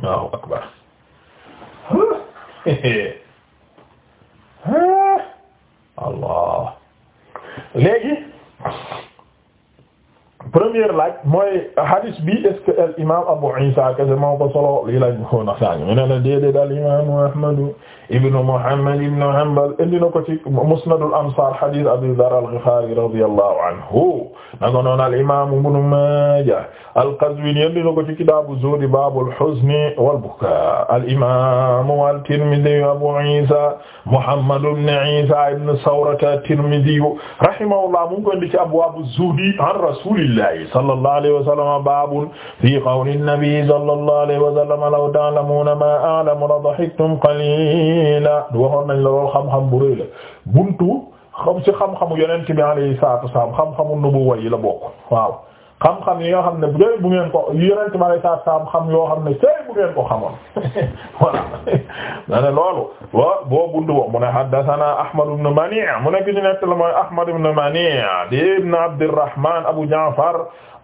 waaw akbar allah léegi première laaj mooy hadis bi est-ce que al imam Abu Isa kese moo ko solo lii lañ ko naxaañu ñu ne la déedéet al imam Ahmadu ibn Muhammad ibn Hanbal indi na ko ci Musnadul Ansaar hadiis Abi Zarr al-Ghifaari radiyallahu anhu naka noonu al-Imaam Ibn Maajah al-Qazwiini indi na ko ci Kitaabu Zuhd Baabul Huzni wal Bukaa al-Imaam at-Tirmidhi Abu Iisaa Muhammad ibn Iisaa ibn Sawrata at-Tirmidhi rahimahullah mu ngi ko indi ci Abwaabu Zuhdi an Rasuulillahi sallallahu alayhi wa sallam baabun fii qawli an-Nabi sallallahu alayhi wa sallam law ta'lamuuna maa a'lamu la dhahiktum qaliilan mu'miniina waxoon nañ la lool xam-xam bu rëy la buntu xam ci xam-xamu yonent bi alayhi salaatu wasallam xam-xamu nubuwa yi la bokk waaw xam-xam yi nga xam ne bu ngeen ko yonent bi alayhi salaatu wasallam xam yoo xam ne tey bu ngeen ko xamoon voilà ma ne loolu wa boo buntu boobu mu ne haddasanaa Ahmad ibn Mani' mu nekk ñu nekk la mooy Ahmad ibn Mani' di ibn Abdirrahmaan Abu Ja'far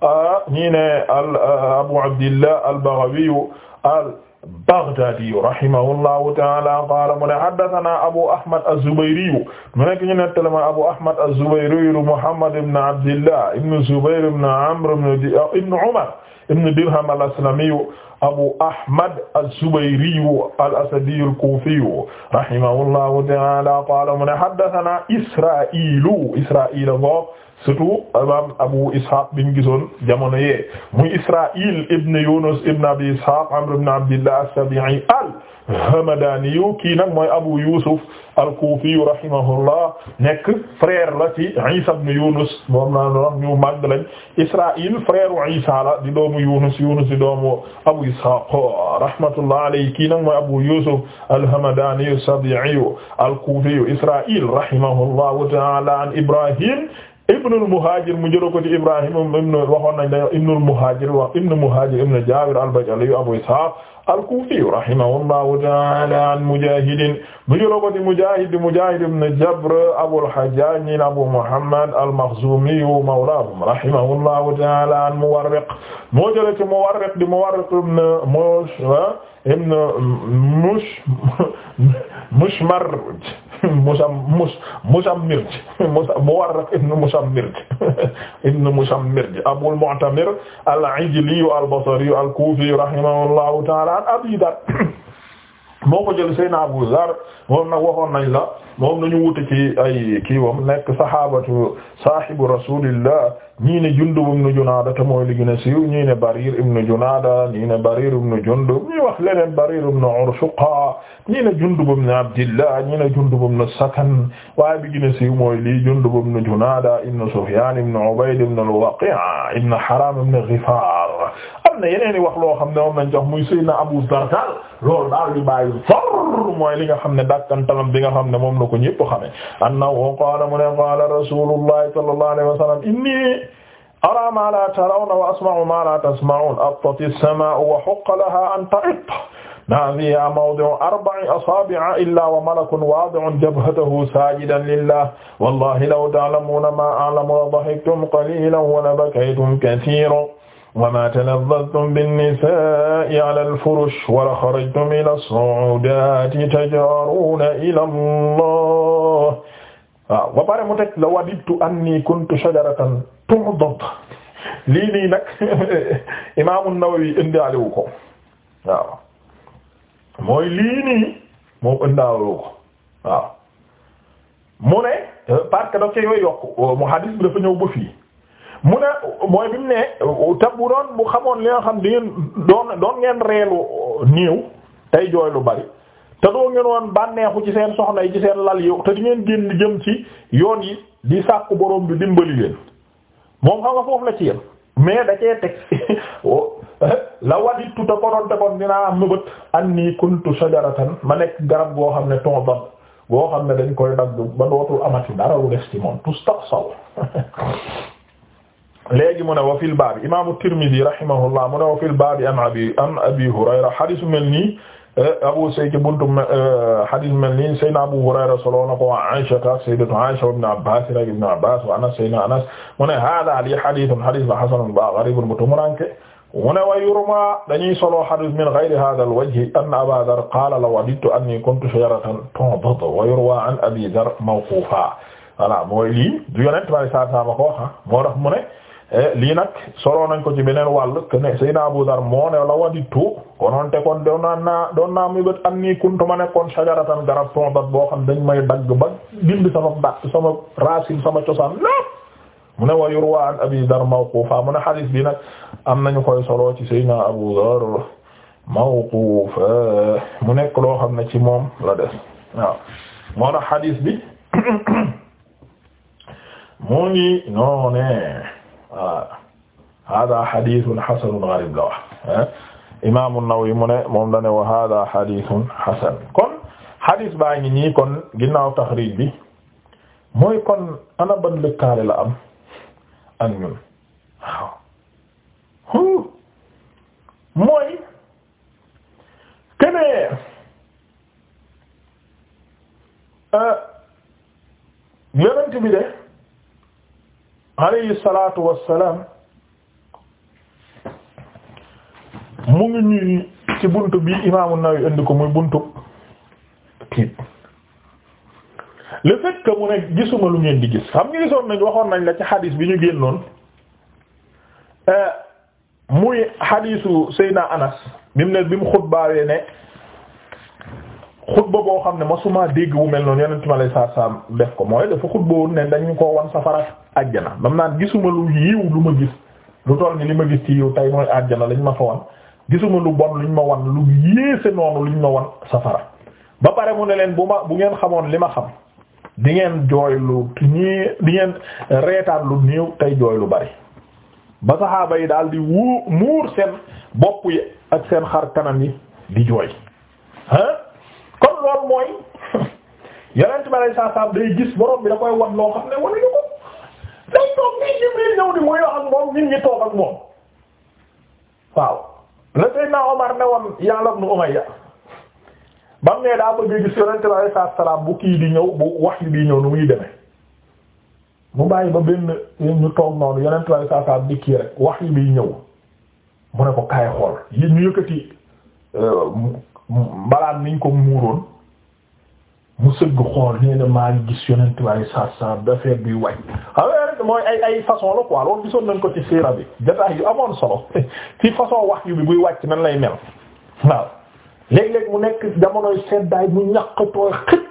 ah, ñii ne al ah, Abu Abdillah al-Baghawi al Baghdadi rahimahullahu ta'ala qaala mu ne haddathana Abu Ahmad az-Zubayri mu nekk ñu nettali ma Abu Ahmad az-Zubayri Muhammad ibn Abdillah ibn Zubayr ibn Amr ibn Umar ibn Dirham al-Aslami Abu Ahmad az-Zubayri al-Asadi al-Kufi rahimahullahu ta'ala qaala mu ne haddathana Israa'iil Israa'iil surtout imam Abu Ishaq bi ñu gisoon jamono yee muy Israa'il ibn Yunus ibn Abi Ishaq Amr ibn Abdillah as-Sabi'i al-Hamadani yu kii nag mooy Abu Yusuf al-Kufi rahimahullah nekk frère la ci Isa ibn Yunus moom laa doon wax ñu màgg lañ Israa'il frère u Isa la di doomu Yunus Yunus di doomu Abu Ishaq rahmatullah alayhi kii nag mooy Abu Yusuf al-Hamadani as-Sabi'i al-Kufi Israa'il rahimahullah ta'ala an Ibrahim ibnul muhajir mu jëloon ko ci Ibrahima ibn waxoon nañ dañoo ibnul muhajir wax ibn muhajir ibn Jaabir al-Bajali Abu Ishaaq al-Kuufi rahimahullahu ta'aala an Mujaahid mu jëloon ko ci Mujaahid Mujaahid ibn Jabr Abul Hajjaaj Abu Muhammad al-Makhzuumi mawlaahum rahimahullahu ta'aala an Muwarriq moo jëloon ci Muwarriq di Muwarriq ibn Mush ah, ibn Mush Mushmarj musam mus musammirj muwarraq ibn musammirj ibn musammirj abul mu'tamir al-ijli al-basri al-kufi rahimahullahu ta'ala an abi dar moo ko jël sayna abu zar moom nag waxoon nañ la moom nañu wute ci ay kii wam nekk sahabatu sahibu rasulillah ñii ne Jundub ibn Junaada te mooy li gën a siiw ñii ne Barir ibn Junaada ñii ne Barir ibn Jundub ñii wax leneen Barir ibn Urshuqa ñii ne Jundub ibn Abdillah ñii ne Jundub ibn Sakan waaye bi gën a siiw mooy lii Jundub ibn Junaada ibn Sufyaan ibn Ubayd ibn al-Waqi' ibn Haraam ibn Ghifaar am na yeneen i wax loo xam ne moom lañ jox muy Sayyidina Abu Darda loolu daal di bàyyi sor mooy li nga xam ne dakkantalam bi nga xam ne moom la ko ñëpp xame annahu qaala mu ne qaala rasulullahi sallallahu alayhi wa sallam inni ara ma la tarawna wa asma'u ma la tasma'un attati as-samaa'u wa huqqa laha an ta'itta ma fiha mawdi'u arba'i asaabi'a illa wa malakun waadi'un jabhatahu saajidan lillah wallahi law ta'lamuna ma a'lamu la dhahiktum qalilan wa labakaytum kathiran وما تلذذتم بالنساء على الفرش ولا خرجتم إلى الصعودات تجأرون إلى الله waaw ba pare mu teg la wadidtu anni kuntu shajaratan tu'dad lii nii nag Imaam an-Nawawi indaale wu ko waaw mooy lii nii moom mu ne bi dafa ñëw mu ne mooy bi mu ne te bu doon bu xamoon li nga xam di ngeen doon doon ngeen reelu néew tey jooy lu bari te doo ngeen woon bànneexu ci seen soxna yi ci seen lal yi te di ngeen génn jëm ci yoon yi di sàkku borom bi dimbali leen moom xam nga foofu la ci yem mais da cee teg la waditu te konoon te kon dinaa am mëbët anni kuntu shajaratan ma nekk garab goo xam ne ton ban goo xam ne dañ koy dagg ba dootul amati dara lu des ci moom tus léegi mu ne wa fil baabi imaamu Tirmidi rahimahullah mu ne wa fil baabi an abi an abi Hurayra xadis mel nii eh, Abu Sayyid ci buntu eh, xadis mel nii Sayyidina Abu Hurayra solo na ko wa Aisha sayyidatu Aisha wa Ibn Abbas rek Ibn Abbas wa Anas Sayyidina Anas mu ne haaza lii xadisun xadis la xasanun ba gariibun mutumuranke mu ne wa yurwa dañuy solo xadis min gayri haaza al-wajhi anna Abaa Zarr qaala law wadidtu annii kuntu shajaratan tunbatu wa yurwa an Abii Zarr mawquufan voilà mooy lii du Yonent bi sallallahu alayhi wa sallam ko wax ah, moo tax mu ne Eh, lii nag solo nañ ko ci beneen wàll que Abu Dar moo ne la waditu konoon kon doon naa naa doon naa muy bët am nii kuntu ma nekkoon shajaratan garab tondat boo xam dañ may dagg ba dindi sama dàq sama racine sama cosaan lépp mu ne wa yurwa an Abi Dar mawqufa mu ne hadis bi nag am nañu koy solo ci Seydina Abu Dar mawqufa mu nekk loo xam ne ci moom la des waaw moo tax hadis bi mu ngi noonee. hada hadithun hasanun gharib la wax eh? imaamu Nawawi mu ne moom la ne wa hada hadithun hasan kon hadith baa ngi nii kon ginnaaw taxriij bi mooy kon ana ban lëkkaale la am ak ñun waaw mooy kenee eh, yonent bi de alayhi salaatu salaam mu ngi ñuy ci buntu bi imaamu Nawawi indi ko muy buntu tiit le fait mu ne gisuma lu ngeen di gis xam nga gisoon nañ waxoon nañ la ci xadiis bi ñu génnoon eh, muy xadiisu Seydina Anas bi mu ne bi mu xutbaawee ne xutba boo xam ne ma suma dégg bu mel noonu yeneen ma lay saa saam def ko mooy dafa xutba woon ne dañu ko wan safara àjjana dam naan gisuma lu yiw lu ma gis lu toll ni li ma gis ci yiw tey mooy àjjana lañ ma fa wan gisuma lu bon luñ ma wan lu yéese noonu ñu ma wan safara ba pare mu ne leen bu ma bu ngeen xamoon li ma xam di ngeen jooy lu ñii di ngeen reetaan lu néew tey jooy lu bari ba saxaaba yi daal di wuu muur seen bopp yi ak seen xar kanam yi di jooy loolu mooy yonent bi saa saa day gis borom bi da koy ko day toog nii Jibril ñëw di toog ak yonent bi saa di ñëw bu wax yi di ñëw nu muy ñu toog noonu yonent bi saa saa di ñu euh, ko muuroon mu sëgg xool nee na maa gis yonent bi alayhi salaatu salaam dafay buy yu xam mooy ay ay façon la quoi loolu gisoon nañ ko ci siira bi jotaay yu amoon solo ci façon wax yu bi buy wàcc nan lay mel waaw léeg-léeg mu nekk jamonoy seddaay mu ñàkk tooy xit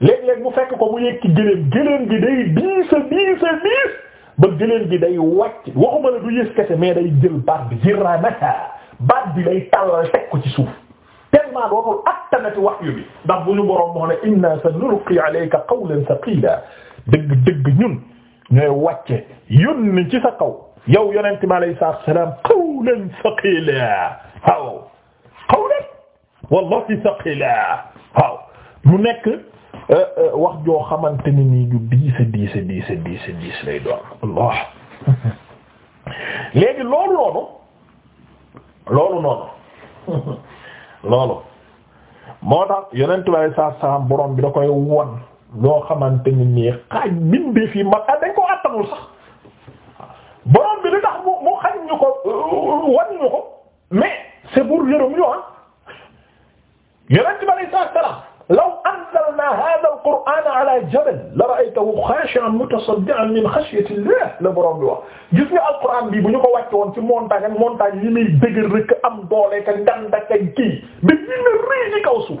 léeg-léeg mu fekk ko mu yegg ci gëléem gi day diis a diis a diis ba gëléem gi day wàcc waxuma la du yës kese mais day jël baat bi jiraanaka baat bi day tàllal teg ko ci suuf. tellement dootul attanati wahyu bi ndax bu ñu boroom moo ne inna sanulqi alayka qawlan thaqila dëgg dëgg ñun ñooy wàcce yónni ci sa kaw yow yonent bi alayhi salaam qawlan thaqila waaw qawlan wallahi thaqila waaw mu nekk euh, euh, wax joo xamante ni nii ju diis a diis a diis a diis a diis lay doon Allah léegi loolu noonu loolu noonu loolu moo tax yonent bi saa saam borom bi da koy won loo xamante ni nii xaaj bindee fii mag ah, dañ koo àttanul sax borom bi li tax mu mu ñu ko euh, wan ko mais c'est pour yërëm ñu ah yonent bi saa saam law anzalna hadha al-qur'ana ala jabal la ra'aytahu khashi'an mutasaddi'an min khashyati llah la borom bi wax gis nga alquran bi bu ñu ko wàcce woon ci montagne ak montagne yi muy dëgër rek am doole ka ngan dakañ kii ba dina rëy ci kaw suuf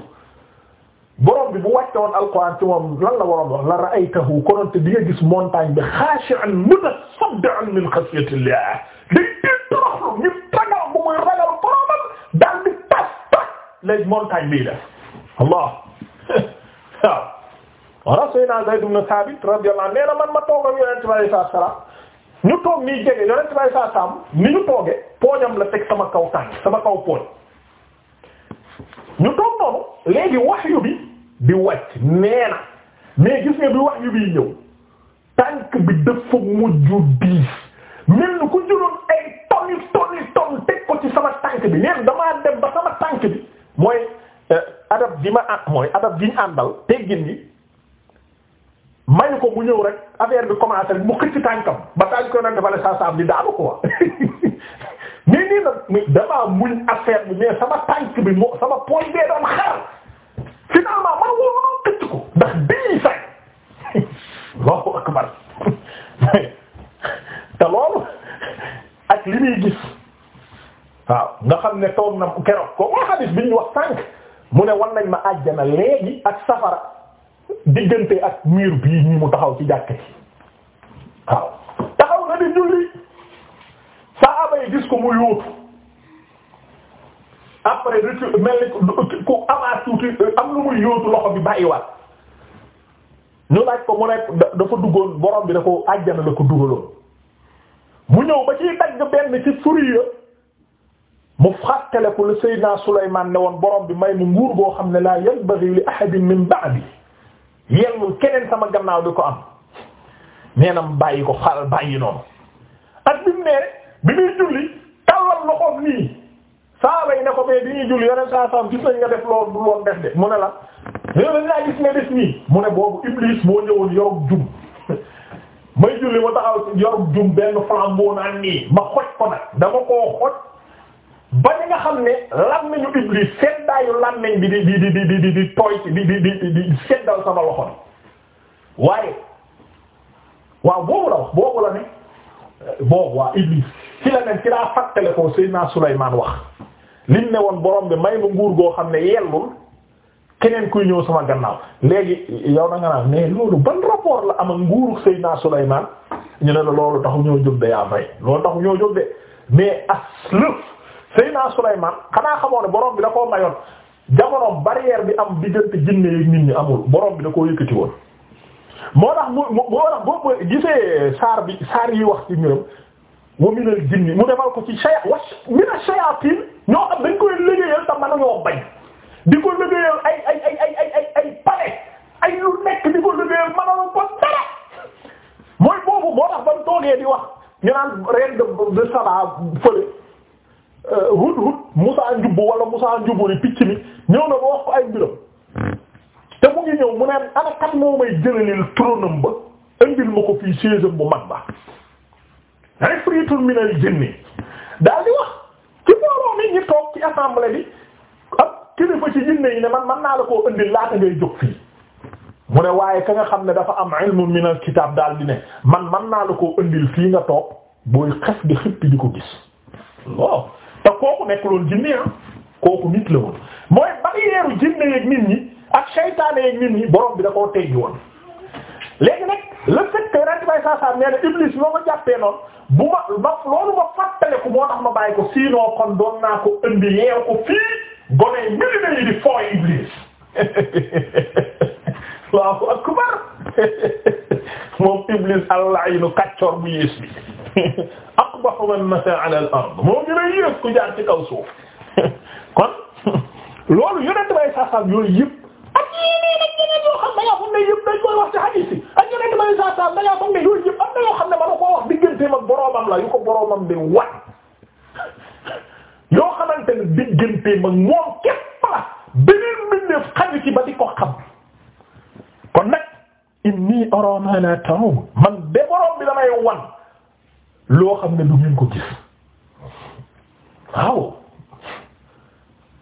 borom bi bu wàcce woon alquran ci moom lan la borom wax la ra'aytahu konoon te di nga gis montagne bi khashi'an mutasaddi'an min khashyati llah day teel toroxlu ñu ragal bu muy ragal boromam daal di tas tas les montagnes bii la Allah waaw wara Seydina Zayd ibn Thabit radiyallahu anhu nee na man ma toog ak Yonent bi sallallahu toog nii jege Yonent bi sallallahu ni ñu tooge pooñam la teg sama kaw tànk sama kaw pooñ ñu toog noonu léegi wahyu bi di wàcc nee na gis nga bi wahyu bi ñëw tànk bi dafa mujj diis mel ni ku jëloon ay tonni tonni ton teg ko ci sama tànk bi neen damaa dem ba sama tànk bi mooy Euh, adab bi ma ànd mooy adab bi ñu àndal teggin yi mayu ko mu ñëw rek affaire bi commencé mu xëcc tànkam ba tànk ko nag dafa la saa saa am di daanu quoi mais nii nag damaa muñ affaire bi mais sama tànk bi moo sama poñ bee doon xaar finalement man wóor na xëcc ko ndax bii sax Allahu akbar te ak li muy gis waaw nga xam ne toog na keroog ko waa xadis bi ñu wax tànk. mu ne wan nañ ma àjjana léegi ak safara diggante ak miir bii ñi mu taxaw ci jàkk ci taxaw na di julli saaba yi gis ko mu yóotu après mel ni ku amaat tuuti am lu muy yóotu loxo bi bàyyiwaat ñu laaj ko mu dafa duggoon borom bi da ko àjjana la ko dugaloon mu ñëw ba ciy dagg benn ci furiya mu fàttaliku li Seydina Souleymane ne woon borom bi may mu nguur boo xam ne laa yanbaghi li ahadin min ba'di yellul keneen sama gannaaw di ko am nee na mu bàyyi ko xaaral bàyyi noonu ak bi mu ne bi muy julli tàllal loxoom nii saaba ne ko mais bi ñuy julli yeneen saa nga def loolu du loon def de mu ne la yéen a gis nga def nii mu ne boobu Iblis moo ñëwoon yorub jum may julli ma taxaw yorub jum benn flambeau naan nii ma xoj ko nag dama koo xoj. ba nga xam ne làmmiñu iblis seddaayu làmmiñ bi di di di di di di tooy ci di di di di seddal sama loxo bi waaye waaw boobu la wax boobu la ne boobu waa iblis ci la ne ci laa fàttale ko Seydina Sulaymaan wax liñ ne woon borom bi may ma nguur goo xam ne yellul keneen kuy ñëw sama gannaaw léegi yow na nga naan mais loolu ban rapport la am ak nguuru Seydina Sulaymaan ñu ne la loolu taxu ñoo jóg de yaa fay loolu taxu ñoo jóg Seyna Sulaymaan xanaa xamoo ne borom bi da koo mayoon jamonoom barrière bi am diggante jinne yi nit ñi amul borom bi da koo yëkkati woon. moo tax mu moo tax boo gisee saar bi saar yi wax ci mbiram wa mu defal ko di ko liggéeyal ko liggéeyal mënoon ko dara mooy fële. hudhud euh, Musaa njubbu wala Musaa njubbu ni picc mi ñëw na ba wax ko ay mbiram te mu ngi ñëw mu neen ana kat moo may jëlalil tronam ba indil ma ko fii chaise bu mag ba ifritun minal ci booloo mi ñi ak kilifa ci jinne yi ne man man naa la koo indil laata ngay jóg fii mu ne waaye ka nga xam ne dafa am ilmu minal kitaab daal di ne man man naa la koo indil fii nga toog booy xef di xippi di ko gis te kooku nekk loon jinne ah kooku nit la woon mooy barrière jinne yeeg nit ñi ak seytaane yeeg nit ñi borom bi da koo teggi woon léegi nag le fait que bay saa saa nee na Iblis moo ko bu ma ma loolu ma fàttaliku moo tax ma bàyyi ko sinon kon doon naa ko indi yeew ko fii gone yi mili yi di fooy Iblis waaw akbar moom Iblis allah aynu kàccoor bu yees bi. aqbahu man masa ala al ard moo gën a yées ku jaar ci kaw suuf kon loolu yonent bay saasaam yooyu yëpp ak yeneen ak yeneen yoo xam dangaa foog ne yëpp dañ koy wax ci hadith yi ak yonent bay saasaam dangaa foog ne yooyu yëpp am na yoo xam ne manu koo wax digganteem ak boroomam la yu ko boroomam di wat yoo xamante ne digganteem ak moom képp la beneen mbindeef xaju ci ba di ko xam kon nag inni ara ma la ta'un man de borom bi damay wan loo xam ne du ngeen ko gis waaw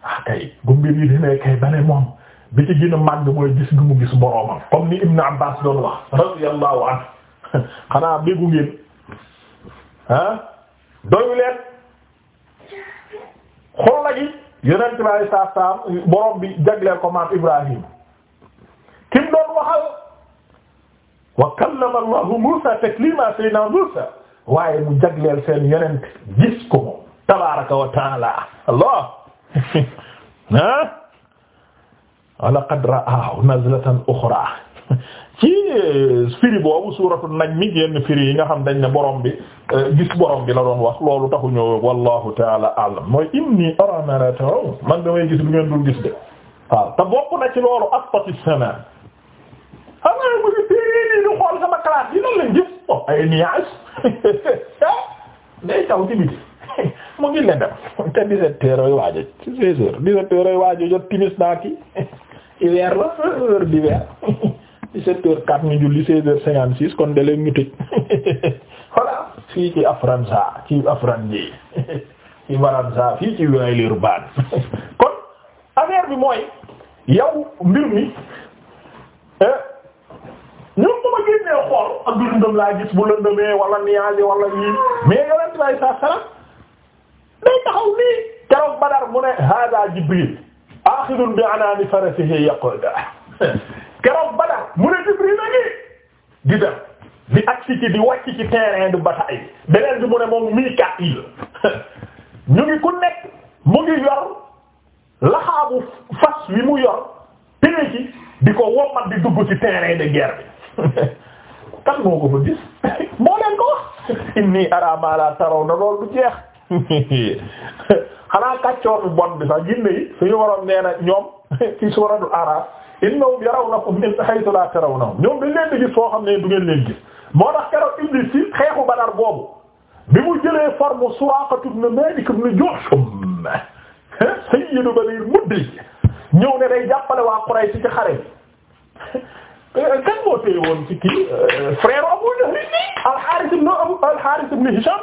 ah kay bu mbir yi dina kay ba ne moom bi ci gën mooy gis gu mu gis boroomam comme ni Ibn Abbas doon wax radiyallahu anhu xanaa béggu ngeen ah doyu leen xol la gi yonent bi alei saatu salam borom bi jagleel ko maam Ibrahim kim doon waxal wa kallama Allahu Musa taklima sayna Musa waaye mu jagleel seen yonent gis ko moom tabaraka wa taala allah ah wa laqad ra'ahu nazlatan uxra ci eh, firi boobu suuratu najmi yenn firi yi nga xam dañ ne borom bi eh, gis borom bi la wax loolu taxu ñëw wallahu taala a'lam mooy inni ara taraw man damay gis lu dul gis de waaw te bokk na ci loolu asfati sama nii ñu xool sama classe yi nan lañ gis bon oh, ay nuages day taw ci mu ngi leen dem te 17 heures ay waajo 16 heures jot timis naa ki hiver la heure d'hiver 17 heures 4 julli 16 heures 56 kon de leen ñu tëj voilà fii ci Afransa ci Afranji ci Varansa fii ci Villeurbanne kon affaire bi mooy yow mbir mi. Eh, ñoom bu ma génnee xool ak lëndëm laa gis bu lëndëmee wala nuage wala yii mais yonent bi sallallahu alayhi wasallam day taxaw nii keroog Badar mu ne hada Jibril axidun bi anaani farasihi yaqud keroog Badar mu ne Jibril a ngi di dem di agsi ci di wàcc ci terrain de bataille bi beneen bi mu ne moom Mikail ñu ngi ku nekk mu ngi yor laxaabu fas wi mu yor téye ci di ko wommat di dugg ci terrain de guerre bi kan moo ko fa gis moo leen ko inni ara ma la taraw na loolu du jeex xanaa kàccoor bu bon bi sax jinne suñu waroon nee na ñoom ci suuratul Araaf innahum yarawnakum min haythu la tarawnahum ñoom dañ leen di gis foo xam ne du ngeen leen gis moo tax keroog Iblis ci xeexu Badar boobu bi mu jëlee forme Suraqatu ibn Malik ibn Juhshum sayyidu Bani Mudlij ñëw ne day jàppale waa Quraysh ci xare Euh, kan moo téye woon ci kii euh, frère Abu Jahl al-Harith ibn al-Harith ibn Hisham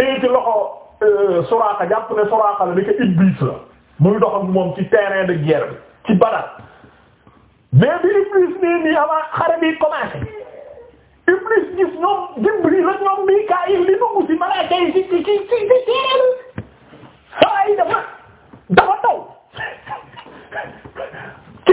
téye ci loxo euh, Suraaqa jàpp ne Suraaqa la nekk Iblis la muy dox ak moom ci terrain de guerre bi ci Badar mais bi Iblis nii nii avant xare bi commencé Iblis gis ñoom Jibril ak ñoom Mikaayil li dugg ci malaaka yi ci ci ci ci terrain bi saa yi dafa dafa taw.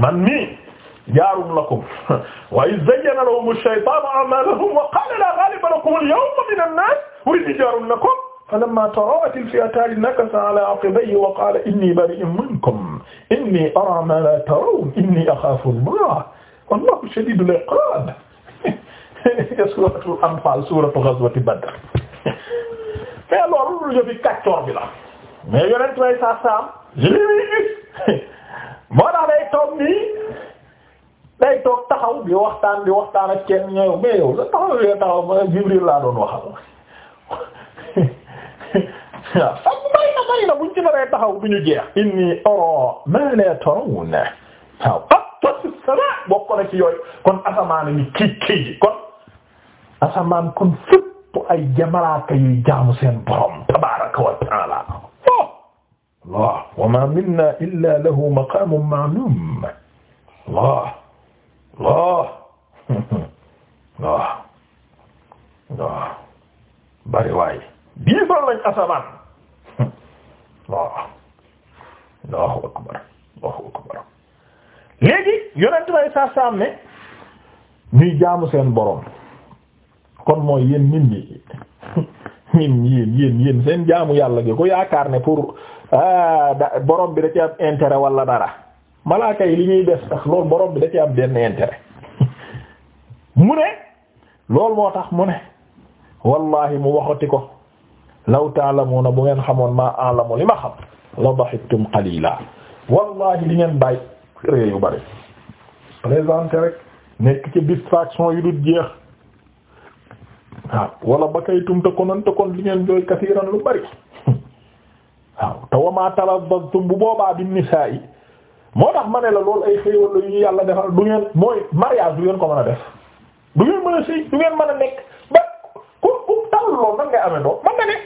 man mi jaarum lakum wa iz zayyana lahum ash-shaytaanu a'maalahum wa qaala laa ghaaliba lakum al-yawma mina an-naas wa innii jaarun lakum falammaa taraa'at al-fi'ataani nakasa 'alaa 'aqibayhi wa qaala innii bari'un minkum innii araa maa laa tarawna innii axaafu Allaah wallaahu shadiidul 'iqaab suuratul Anfaal suuratu ghazwati Badr mais loolu lu jëfi kàccoor bi la mais moo tax day toog nii day toog taxaw bi waxtaan di waxtaan ak kenn ñëw mais yow la taxaw yooyu taxaw ma Jibril laa doon waxal waaw ak may na may na buñ ci baree taxaw du ñu jeex inni oro ma la tarawna waaw aqtasu samaa bokk na ci yooyu kon asamaan ni kii kii kon asamaan kon fépp ay jamalaaka yuy jaamu seen borom tabaaraka wa Allah wa ma minna illa lahu maqamun ma'lum Allah Allah Allah Allah bari waay biifal lañ asamaan Allah Allahu akbar Allahu akbar léegi yonent bay saa saam ne ñuy jaamu seen boroom kon mooy yéen nit ñi ñin yéen yéen seen jaamu yàlla gi ko yaakaar ne pour ah da borom bi da ci am intérêt walla dara malaaka yi li ñuy def tax loolu borom bi da ci am benn intérêt mu ne loolu moo tax mu ne wallahi mu waxati ko law ta'lamuna bu ngeen xamoon maa a'lamu li ma xam la dahiktum qalila wallahi li ngeen bàyyi ree yu bari présenté rek nekk ci distraction yu dul jeex waaw ah, wala ba kay tumte konoon te kon li ngeen jooy kasiiran lu bari waaw te wama talazzum bu boobaa bi nisaa yi moo tax ma ne la lool ay xéewal la yu ñu yàlla defal du ngeen mooy mariage du ngeen ko man a def du ngeen mën a sëy du ngeen mën a nekk ba ku ku tal loolu nan ngay amee doom man nga ne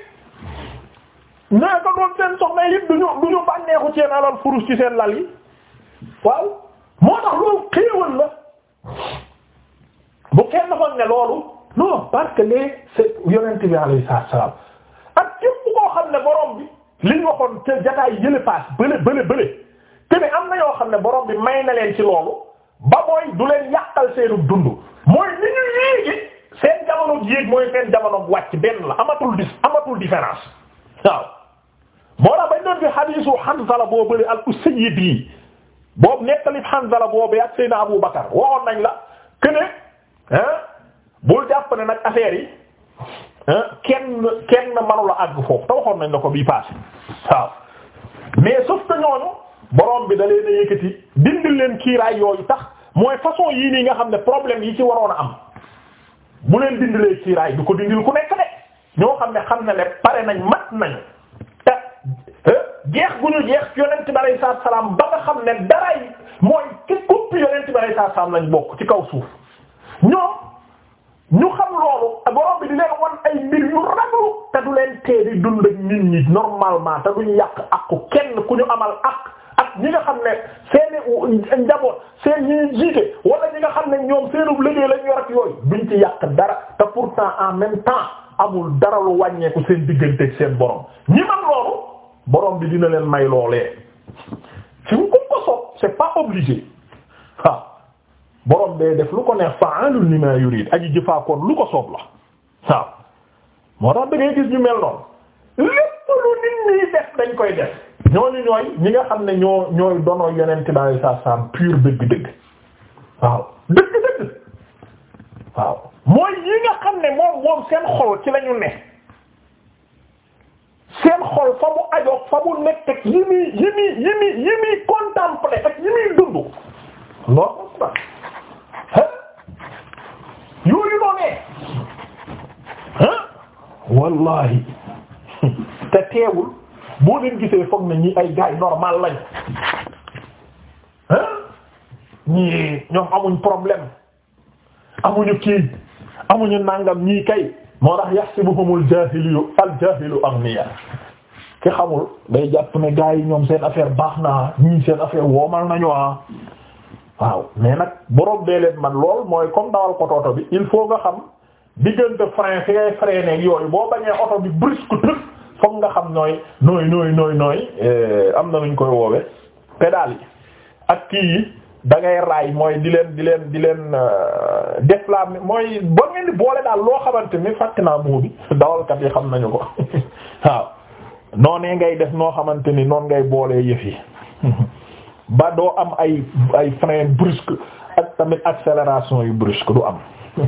naa ko doon seen soxna yi du ñu du ñu bànneexu seen alal furus ci seen lal yi waaw moo tax loolu xéewal la bu kenn foog ne loolu non parce que les c'est bi alayhi salaam ak képp koo xam ne borom bi. liñ waxoon ca jataay yële paas bële bële bële te am na yoo xam ne borom bi may na leen ci loolu ba mooy du leen yàqal seenu dund mooy ni ñu yéegi seen jamono yéeg mooy seen jamono wàcc benn la amatul dis amatul différence waaw moo la bañ doon fi hadiisu Hanzala boo bële yi Usayyidi boobu nettalib Hanzala boobu ak Seydina Abu Bakar waxoon nañ la que ne ah bul jàpp ne nag affaire yi kenn kenn mënu la àgg foofu te waxoon nañ la ko bii passé waaw mais sauf que ñooñu borom bi da leen a yëkkati dindil leen kiiraay yooyu tax mooy façon yii nii nga xam ne problème yi ci waroon a am bu leen dindilee kiiraay bi ko dindil ku nekk de ñoo xam ne xam na ne pare nañ mat nañu te jeex gu ñu jeex yonent bi alayhi salaatu salaam ba nga xam ne dara yi mooy ci kupp yonent bi alayhi salaam lañ bokk ci kaw suuf ñoom ñu xam loolu borom bi ay mbir yu raglu te ñi normalement te yàq akku kenn ku ñu amal ak ak ñi nga xam ne seeni njaboot wala ñi nga xam ne ñoom seenub liggéey lañ yor ak yooyu duñ dara te pourtant en même temps amul dara wàññeeku seen diggante seen borom ñi bi dina leen may loolee si mu ko ko soog c'est pas obligé waaw borom bee def lu ko neex fa'alun lima yurid aji jëfaakoon lu ko soob la waaw moo tax da ngay gis ñu mel noonu lépp lu nit ñi def dañ koy def ñooñu ñooy ñi nga xam ne ñoo ñooy dono yeneen tibaay sa saam pur dëgg-dëgg waaw dëgg-dëgg waaw mooy yi nga xam ne moom moom seen xol ci lañu ne seen xol fa mu ajoog fa mu nekk ak yi muy yi muy yi muy yi muy contempler ak yi muy dund loolu yooyu noonee ah wallahi te teewul boo leen gisee foog na ñi ay gars normal lañ ah ñii ñoom amuñ problème amuñu kii amuñu nangam ñii kay moo tax yahsibuhumul jaahiliyu al jaahilu aghniya ki xamul day jàpp ne gars ñoom seen affaire baax naa ñii seen affaire woomal nañu ah waaw mais nag borom bee leen man lool mooy comme dawal ko oto bi il faut nga xam diggante frein fi ngay freiné yooyu boo bañee oto bi brusque tëb nga xam nooy nooy nooy nooy nooy eh, am na nuñ koy woowe pédale yi ak kii yi da raay mooy di leen di leen di leen euh, déflamme mooy ba ngeen di boole daal loo xamante ni fàkk naa moo bi dawalkat yi xam nañu ko waaw noonee ngay def noo xamante ni noon ngay boolee yëf yi ba doo am ay ay frein brusque ak tamit accélération yu brusque du am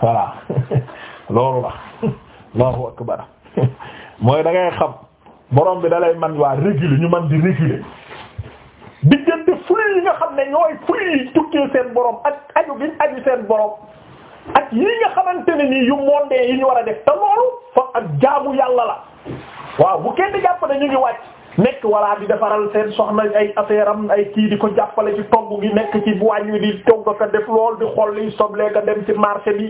voilà loolu la Allahu akbar mooy dangay xam boroom bi da man waa réguler ñu man di réguler diggante flux yi nga xam ne ñooy flux yi tukkee seen borom ak ajo biñ aju seen borom ak yi nga xamante ne nii yu monde yi ñu war a def te loolu fa ak jaamu yàlla la waaw bu kenn jàpp ne ñu ngi wàcc. nekk walla di defaral seen soxna ay affaire am ay kii di ko jàppale ci togg gi nekk ci wàññi di togg ka def lool di xol li soble ka dem ci marché bi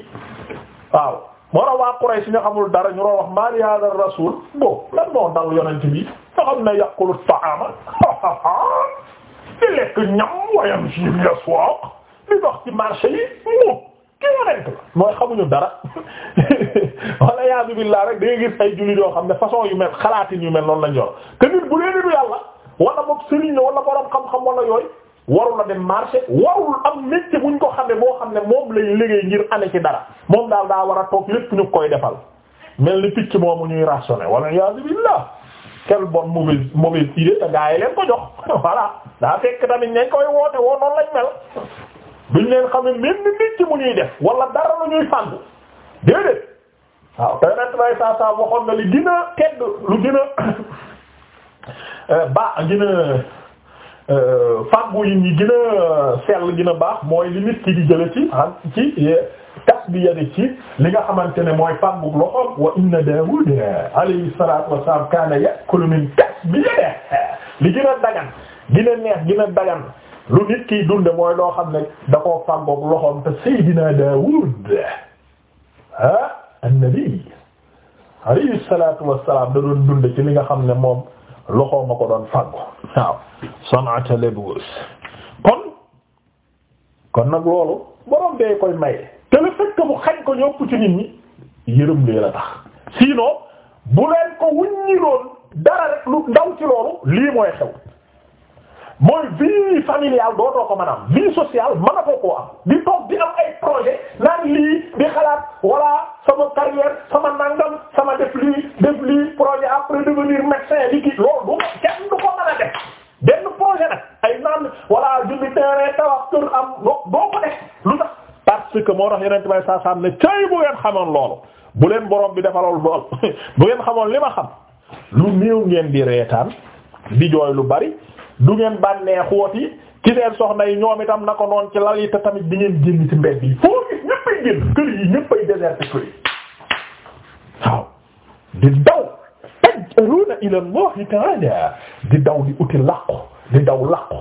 waaw moo tax waa ñu xamul dara ñu doon wax maa li hada rasul bon lan moo dal yonent bi nga xam ne yàqulu ta'ama di lekk ñam wayam ci yaswaq di dox ci marché yi ki yonent la xamuñu dara wala yaasu billah rek da gis ay jullit yoo xam ne façon yu mel xalaatin yu mel noon lañ yor te nit bu dee nitu yàlla wala boog sëriñ la wala borom xam-xam wala yooyu warul la dem marché warul am métier buñ ko xamee boo xam ne moom lay liggéey ngir ane ci dara moom daal daa war a toog lépp ñu koy defal mel ni picc moomu ñuy rationné wala yaasu billah quelle bonne mauvaise mauvaise te gaa yi leen ko jox voilà daa fekk tamit woote woo noonu lañ mel duñ leen xam ne mel ni nit ci mu ñuy def wala dara lu ñuy fàndu déedéet waaw te yonent bay saa saa waxoon na li gën a tedd lu gën a euh, ba gën a euh, fàngu yi ñi gën a sell gën a baax mooy li nit ki di jële ci a ah, ci kas eh, bi yadi ci li nga xamante ne mooy fàngu loxoom wa inna Daawud alayhi salaatu wassalaam kaana ya'kulu min kas bi yadihi li gën a dagan gën a neex gën a dagan lu nit kiy dunde mooy loo xam ne da koo fàggoog loxoom te Seydina Daawud ah annabi alayhi salaatu wassalaam da doon dunde ci li nga xam ne moom loxoom a ko doon fàggu waaw sanata lebus kon kon nag loolu borom bee koy maye te le fait que mu ko ñëpp ci nit ñi yërëm lee la tax sinon bu leen ko wuññi lool dara rek lu ndaw ci loolu lii mooy xew mooy vie familiale dootoo ko mën a am vie sociale mën a ko koo am di toog di am ay projet naan lii di xalaat walla sama carrière sama nangam sama def lii def lii projet après devenir médecin di kii loolu kenn ko mën a def benn projet nag ay naan walla julli terrain am doo doo ko def lu tax parce moo tax yeneen bay saa saa ne cay bu ngeen xamoon loolu bu leen boroom bi defalool lool bu ngeen xamoon li ma xam lu néew ngeen di reetaan di lu bari du ngeen bànnee xooti ci seen soxna yi ñoom itam na ko noon ci lal yi te tamit di ngeen génn ci mbedd yi foo gis ñëppay génn kër yi ñëppay déserté kër yi di daw tajruuna ila Allah ta'ala di daw di uti làqu di daw làqu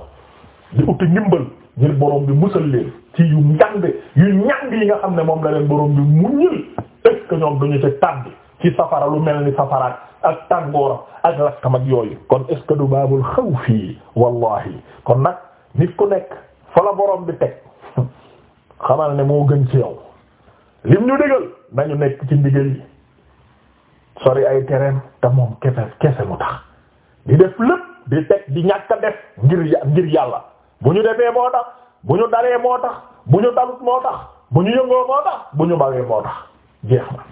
di uti ndimbal ngir borom bi musal leen ci yu njàng yu ñàng yi nga xam ne moom la leen borom bi muñul est-ce ñoom duñu ci tàbbi ci safara lu mel ni safaraat ak tàngooram ak lakkam yooyu kon est ce que du baabul xawfi wallahi kon nag nit ku nekk fa la borom bi teg xamal ne moo gën ci yow lim ñu digal nañu nekk ci ndigal yi sori ay tereem te moom kese kese mu tax di def lépp di teg di ñàkk def ngir ngir yàlla bu ñu defee moo tax bu ñu daree moo tax bu ñu dalut moo tax bu ñu yëngoo moo tax bu ñu bawee moo tax jeex na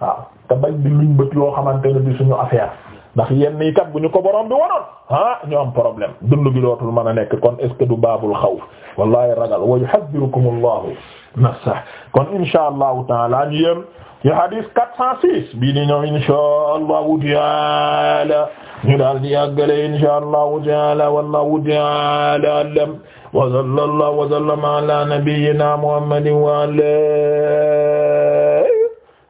waaw te bañ di luñ bët yoo xamante ne bi suñu affaire ndax yenn yi kat bu ñu ko borom bi waroon ah ñu am problème dund gi dootul mën a nekk kon est ce que du baabul xawf wallahi ragal wa yuhaddirukum allahu nafsa kon insha allahu taala ñu yem ci hadis 406 bii di ñëw insha allahu taala ñu daal di àggale insha allahu taala wallahu taala alam wa sallallahu wa sallama ala nabiyyina muhammadin wa ala